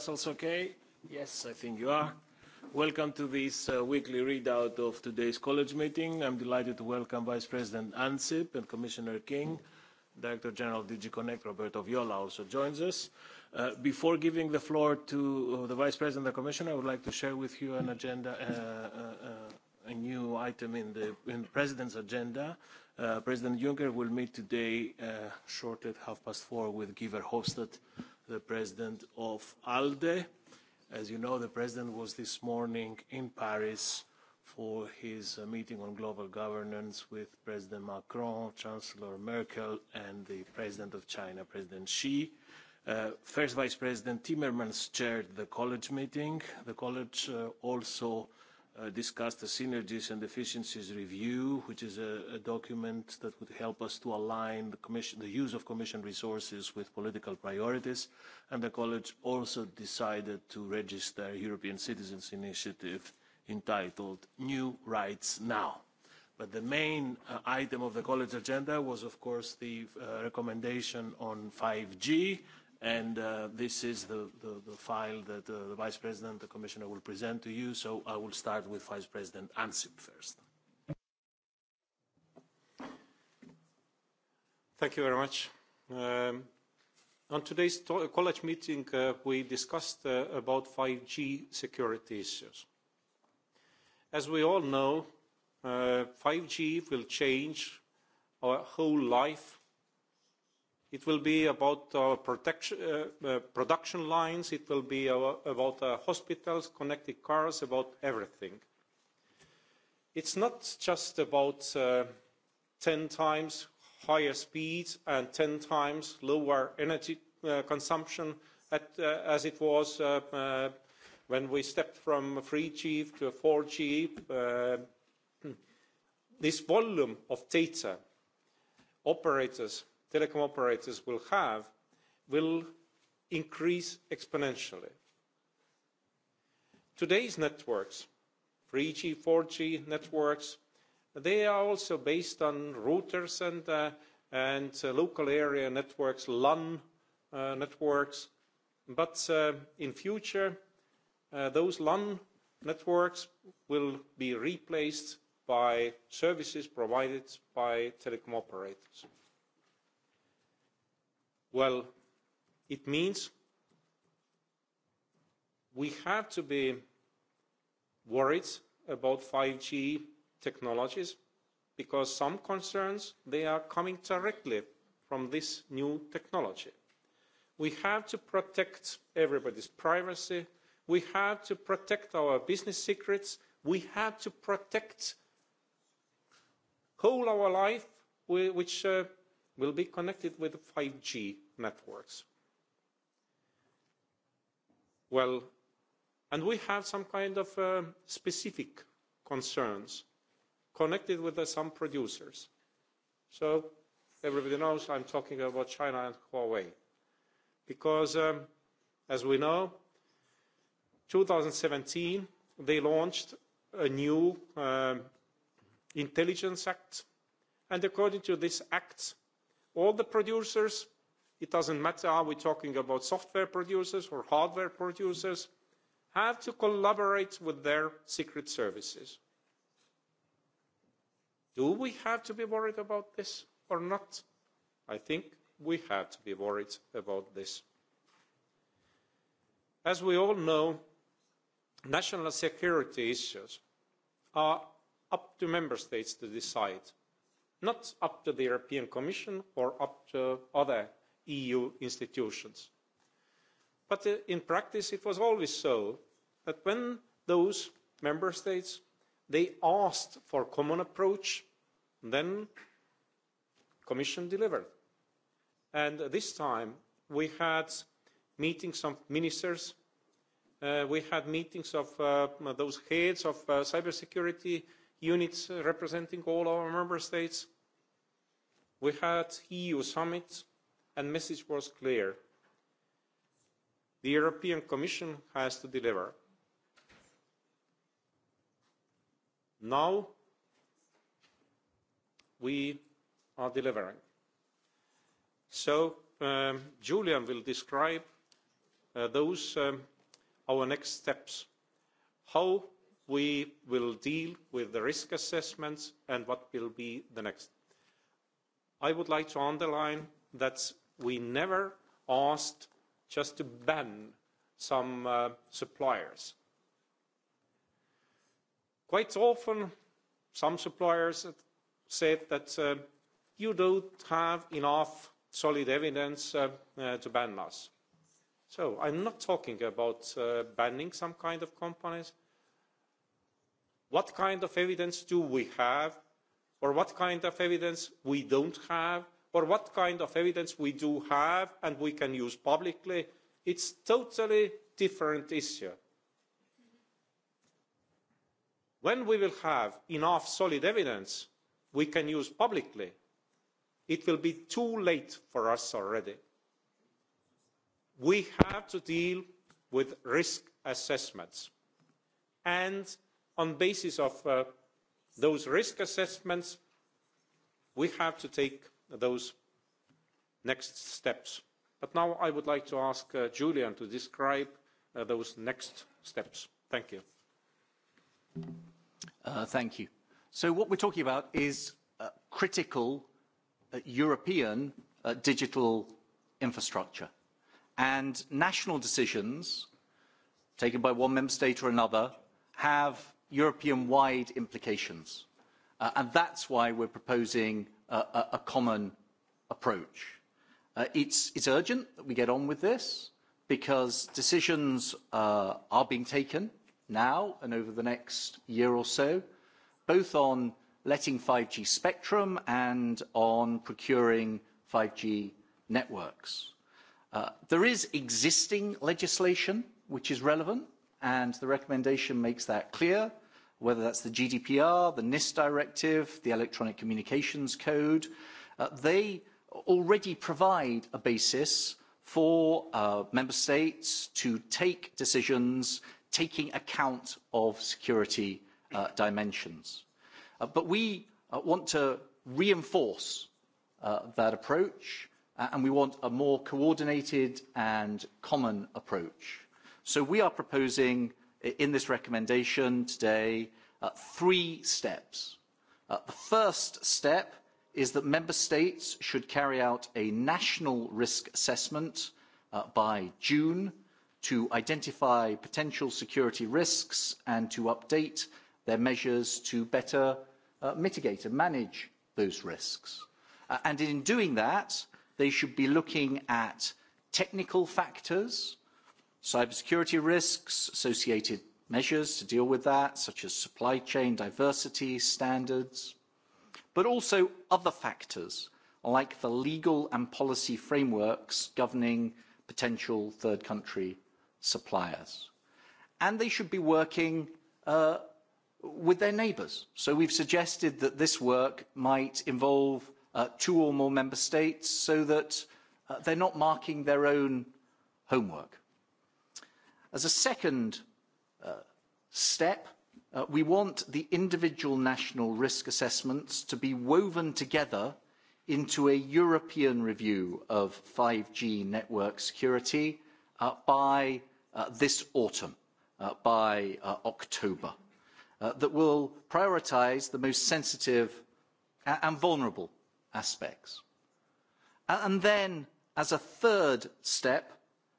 us also okay? Yes, I think you are. Welcome to this uh, weekly readout of today's college meeting. I'm delighted to welcome Vice President Ansip and Commissioner King. Director General of DG Connect, Roberto Viola, also joins us. Uh, before giving the floor to uh, the Vice President and the Commission, I would like to share with you an agenda, uh, uh a new item in the in President's agenda. Uh, President Juncker will meet today uh, shortly at half past four with Guy Verhofstadt, the president of ALDE. As you know, the president was this morning in Paris for his uh, meeting on global governance with President Macron, Chancellor Merkel, and the President of China, President Xi. Uh, First Vice President Timmermans chaired the college meeting. The college uh, also Uh, discuss discussed the synergies and efficiencies review, which is a, document that would help us to align the, use of commission resources with political priorities. And the college also decided to register a European Citizens Initiative entitled New Rights Now. But the main uh, item of the college agenda was, of course, the uh, recommendation on 5G, and uh, this is the, the, the file that uh, the Vice President, the Commissioner will present to you, so I will start with Vice President Ansip first. Thank you very much. Um, on today's college meeting, uh, we discussed uh, about 5G security issues. As we all know, uh, 5G will change our whole life It will be about uh, protection, uh, production lines. It will be about uh, hospitals, connected cars, about everything. It's not just about 10 uh, times higher speeds and 10 times lower energy consumption as it was when we stepped from 3G to 4G. This volume of data operators telecom operators will have will increase exponentially. Today's networks, 3G, 4G networks, they are also based on routers and, uh, and uh, local area networks, LAN uh, networks. But uh, in future, uh, those LAN networks will be replaced by services provided by telecom operators well it means we have to be worried about 5g technologies because some concerns they are coming directly from this new technology we have to protect everybody's privacy we have to protect our business secrets we have to protect whole our life which uh, will be connected with 5G networks. Well, and we have some kind of uh, specific concerns connected with uh, some producers. So everybody knows I'm talking about China and Huawei. Because, um, as we know, 2017, they launched a new um, Intelligence Act. And according to this act, all the producers it doesn't matter are we talking about software producers or hardware producers have to collaborate with their secret services. Do we have to be worried about this or not? I think we have to be worried about this. As we all know, national security issues are up to member states to decide not up to the European Commission or up to other EU institutions. But uh, in practice, it was always so that when those member states they asked for a common approach, then Commission delivered. And this time we had meetings of ministers, uh, we had meetings of uh, those heads of uh, cybersecurity units representing all our member states. We had EU summits and message was clear. The European Commission has to deliver. Now we are delivering. So um, Julian will describe uh, those um, our next steps, how we will deal with the risk assessments and what will be the next. I would like to underline that we never asked just to ban some uh, suppliers. Quite often, some suppliers said that uh, you don't have enough solid evidence uh, to ban us. So I'm not talking about banning some kind of companies what kind of evidence do we have or what kind of evidence we don't have or what kind of evidence we do have and we can use publicly it's a totally different issue. when we will have enough solid evidence we can use publicly it will be too late for us already. we have to deal with risk assessments and on basis of uh, those risk assessments we have to take those next steps. But now I would like to ask uh, Julian to describe uh, those next steps. Thank you. Uh, thank you. So what we're talking about is uh, critical uh, European uh, digital infrastructure. And national decisions taken by one member state or another have European-wide implications. Uh, and that's why we're proposing a, a, a common approach. Uh, it's, it's urgent that we get on with this because decisions uh, are being taken now and over the next year or so, both on letting 5G spectrum and on procuring 5G networks. Uh, there is existing legislation which is relevant, and the recommendation makes that clear whether that's the GDPR, the NIST directive, the Electronic Communications Code. Uh, they already provide a basis for uh, member states to take decisions taking account of security uh, dimensions. Uh, but we uh, want to reinforce uh, that approach uh, and we want a more coordinated and common approach. So we are proposing in this recommendation today uh, three steps. Uh, the first step is that member states should carry out a national risk assessment uh, by June to identify potential security risks and to update their measures to better uh, mitigate and manage those risks. Uh, and in doing that, they should be looking at technical factors Cybersecurity risks, associated measures to deal with that, such as supply chain diversity standards, but also other factors like the legal and policy frameworks governing potential third country suppliers. And they should be working uh, with their neighbours. So we've suggested that this work might involve uh, two or more member states so that uh, they're not marking their own homework. As a second uh, step, uh, we want the individual national risk assessments to be woven together into a European review of 5G network security uh, by uh, this autumn, uh, by uh, October, uh, that will prioritise the most sensitive and vulnerable aspects. And then, as a third step,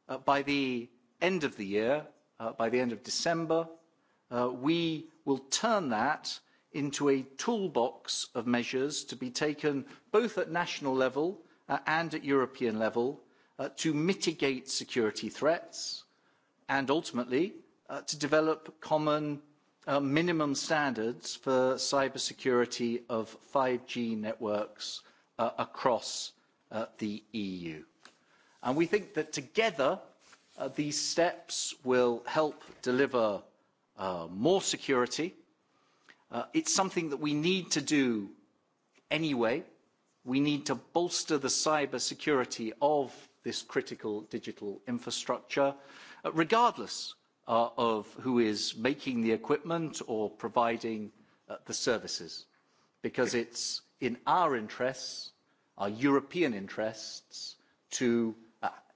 uh, by the end of the year, uh, by the end of December, uh, we will turn that into a toolbox of measures to be taken both at national level uh, and at European level to mitigate security threats and ultimately to develop common minimum standards for cybersecurity of 5G networks across the EU. And we think that together Uh, these steps will help deliver uh, more security. Uh, it's something that we need to do anyway. We need to bolster the cyber security of this critical digital infrastructure, uh, regardless uh, of who is making the equipment or providing the services, because it's in our interests, our European interests, to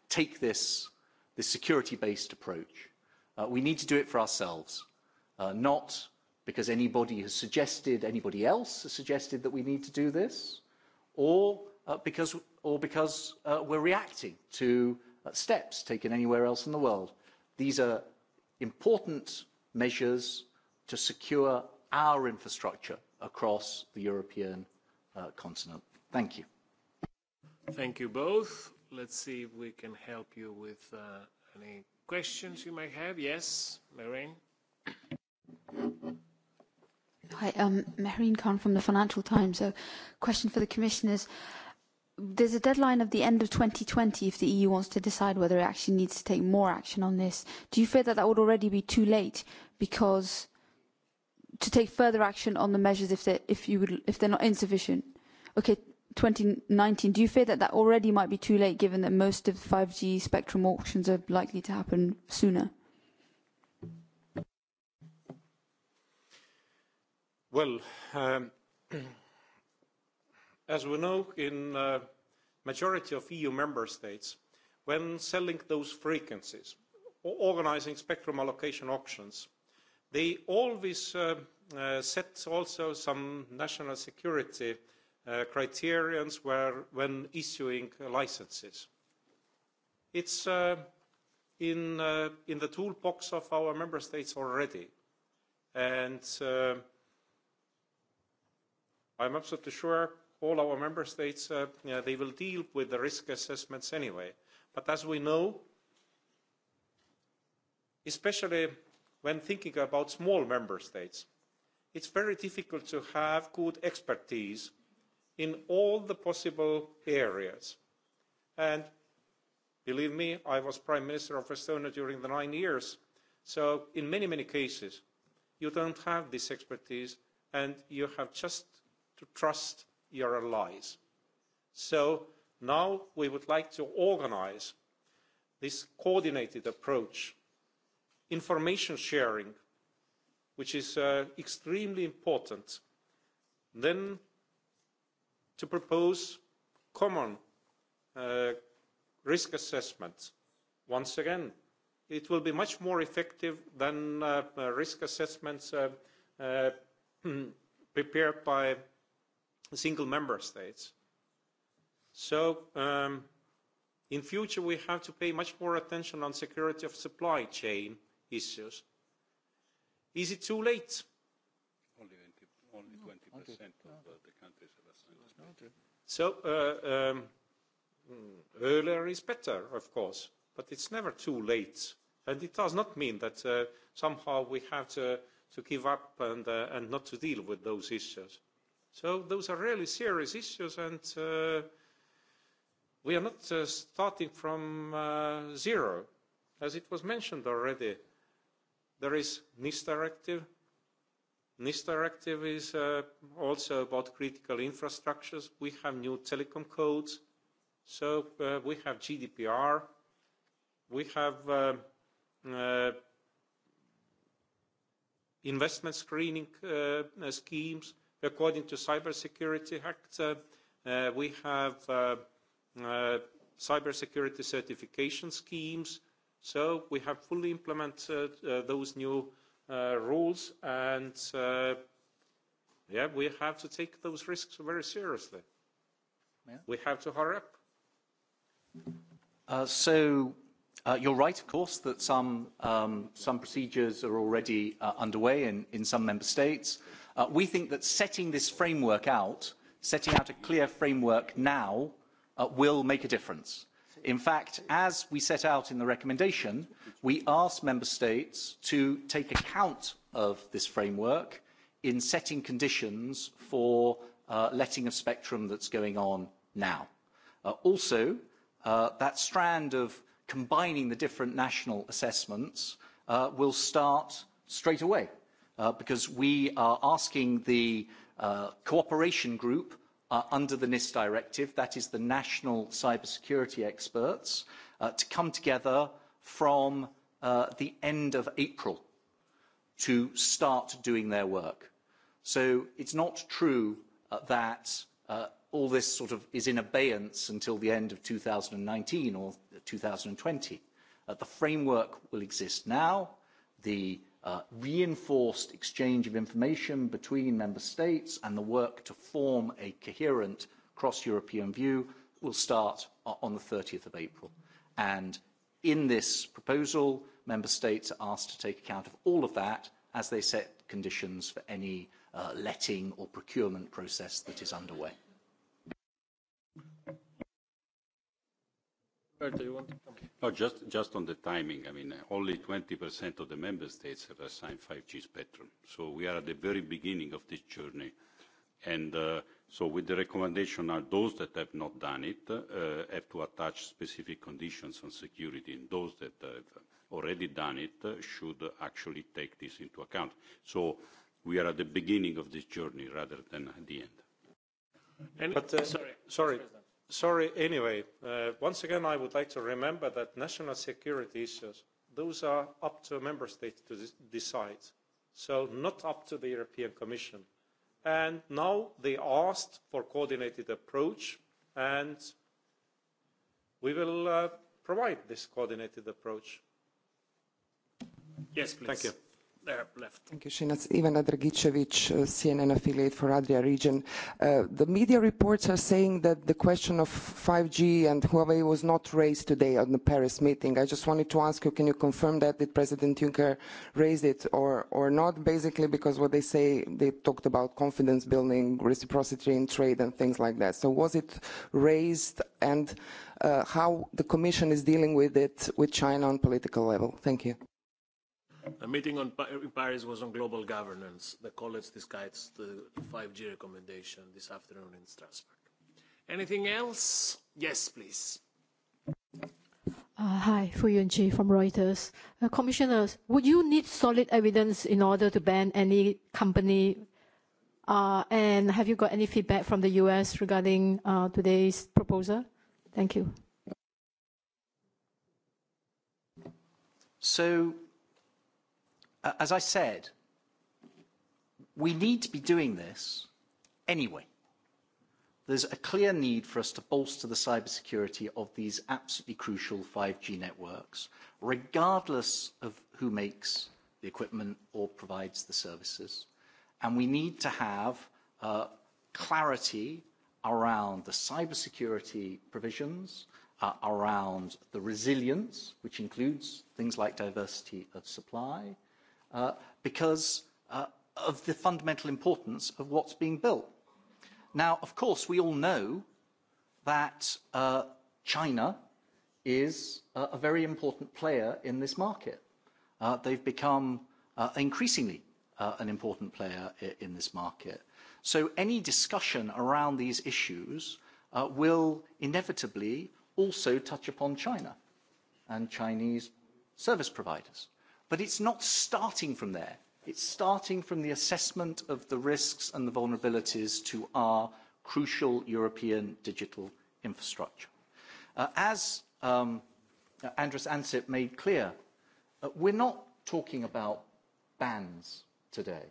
take this this security-based approach. Uh, we need to do it for ourselves, uh, not because anybody has suggested, anybody else has suggested that we need to do this, or uh, because, or because uh, we're reacting to uh, steps taken anywhere else in the world. These are important measures to secure our infrastructure across the European uh, continent. Thank you. Thank you both let's see if we can help you with uh, any questions you might have. Yes, Maureen? Hi, um, Maureen Khan from the Financial Times. So, question for the commissioners. There's a deadline of the end of 2020 if the EU wants to decide whether it actually needs to take more action on this. Do you fear that that would already be too late because to take further action on the measures if they're, if you would, if they're not insufficient? Okay, 2019, do you fear that that already might be too late given that most of 5G spectrum auctions are likely to happen sooner? Well, um, as we know, in uh, majority of EU member states, when selling those frequencies or organizing spectrum allocation auctions, they always uh, uh, set also some national security uh, uh, criterions where, when issuing licenses. It's uh, in, uh, in the toolbox of our member states already. And uh, I'm absolutely sure all our member states, uh, yeah, they will deal with the risk assessments anyway. But as we know, especially when thinking about small member states, it's very difficult to have good expertise in all the possible areas. And believe me, I was Prime Minister of Estonia during the nine years. So in many, many cases, you don't have this expertise and you have just to trust your allies. So now we would like to organize this coordinated approach, information sharing, which is uh, extremely important. Then to propose common uh, risk assessments. Once again, it will be much more effective than uh, uh risk assessments uh, uh, prepared by single member states. So um, in future, we have to pay much more attention on security of supply chain issues. Is it too late? Only 20% no, of uh, the countries have So uh, um, hmm, earlier is better, of course, but it's never too late. And it does not mean that uh, somehow we have to, to give up and, uh, and not to deal with those issues. So those are really serious issues, and uh, we are not uh, starting from uh, zero. As it was mentioned already, there is NIS directive, NIS directive is uh, also about critical infrastructures. We have new telecom codes. So uh, we have GDPR. We have uh, uh, investment screening uh, uh, schemes according to Cybersecurity Act. Uh, uh, we have uh, uh, cybersecurity certification schemes. So we have fully implemented uh, uh, those new uh, Uh, rules and uh, yeah, we have to take those risks very seriously. Yeah. We have to hurry up. Uh, so uh, you're right, of course, that some, um, some procedures are already uh, underway in, in some member states. Uh, we think that setting this framework out, setting out a clear framework now, uh, will make a difference in fact as we set out in the recommendation we asked member states to take account of this framework in setting conditions for uh, letting of spectrum that's going on now. Uh, also, uh, that strand of combining the different national assessments uh, will start straight away uh, because we are asking the uh, cooperation group under the NIS directive, that is the national cybersecurity experts, uh, to come together from uh, the end of April to start doing their work. So it's not true uh, that uh, all this sort of is in abeyance until the end of 2019 or 2020. Uh, the framework will exist now. The Uh, reinforced exchange of information between member states and the work to form a coherent cross-European view will start on the 30th of April. And in this proposal, member states are asked to take account of all of that as they set conditions for any uh, letting or procurement process that is underway. Berta, you want? Okay. No, just, just on the timing. I mean, only 20% of the member states have assigned 5G spectrum. So we are at the very beginning of this journey. And uh, so with the recommendation are those that have not done it uh, have to attach specific conditions on security, and those that have already done it should actually take this into account. So we are at the beginning of this journey rather than at the end. Uh, sorry, sorry sorry anyway uh, once again i would like to remember that national security issues those are up to member states to decide so not up to the european commission and now they asked for coordinated approach and we will uh, provide this coordinated approach yes please. thank you Thank you, Shinas. Ivana Dragicevic, uh, CNN affiliate for Adria region. Uh, the media reports are saying that the question of 5G and Huawei was not raised today on the Paris meeting. I just wanted to ask you, can you confirm that? Did President Juncker raise it or, or not? Basically, because what they say, they talked about confidence building, reciprocity in trade and things like that. So was it raised and uh, how the Commission is dealing with it with China on political level? Thank you. The meeting on, in Paris was on global governance. The college discussed the 5G recommendation this afternoon in Strasbourg. Anything else? Yes, please. Uh, hi, Fu Yunqi from Reuters. Uh, commissioners, would you need solid evidence in order to ban any company? Uh, and have you got any feedback from the US regarding uh, today's proposal? Thank you. So as I said, we need to be doing this anyway. There's a clear need for us to bolster the cybersecurity of these absolutely crucial 5G networks, regardless of who makes the equipment or provides the services. And we need to have uh, clarity around the cybersecurity provisions, uh, around the resilience, which includes things like diversity of supply, uh, because uh, of the fundamental importance of what's being built. Now, of course, we all know that uh, China is uh, a very important player in this market. Uh, they've become uh, increasingly uh, an important player in this market. So any discussion around these issues uh, will inevitably also touch upon China and Chinese service providers. But it's not starting from there. It's starting from the assessment of the risks and the vulnerabilities to our crucial European digital infrastructure. Uh, as um, uh, Andrus Ansip made clear, uh, we're not talking about bans today.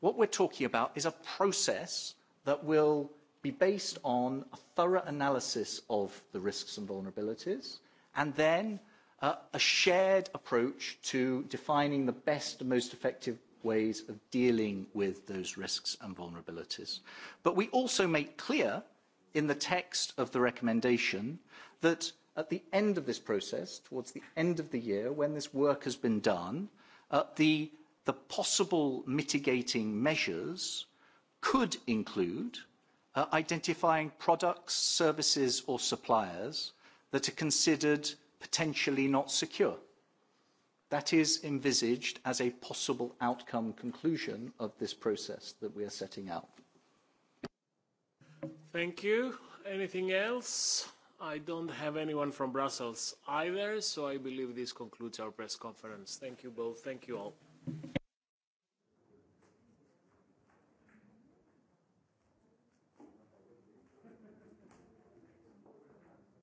What we're talking about is a process that will be based on a thorough analysis of the risks and vulnerabilities, and then uh, a shared approach to defining the best and most effective ways of dealing with those risks and vulnerabilities. But we also make clear in the text of the recommendation that at the end of this process, towards the end of the year, when this work has been done, uh, the, the possible mitigating measures could include uh, identifying products, services, or suppliers that are considered potentially not secure. That is envisaged as a possible outcome conclusion of this process that we are setting out. Thank you. Anything else? I don't have anyone from Brussels either, so I believe this concludes our press conference. Thank you both. Thank you all.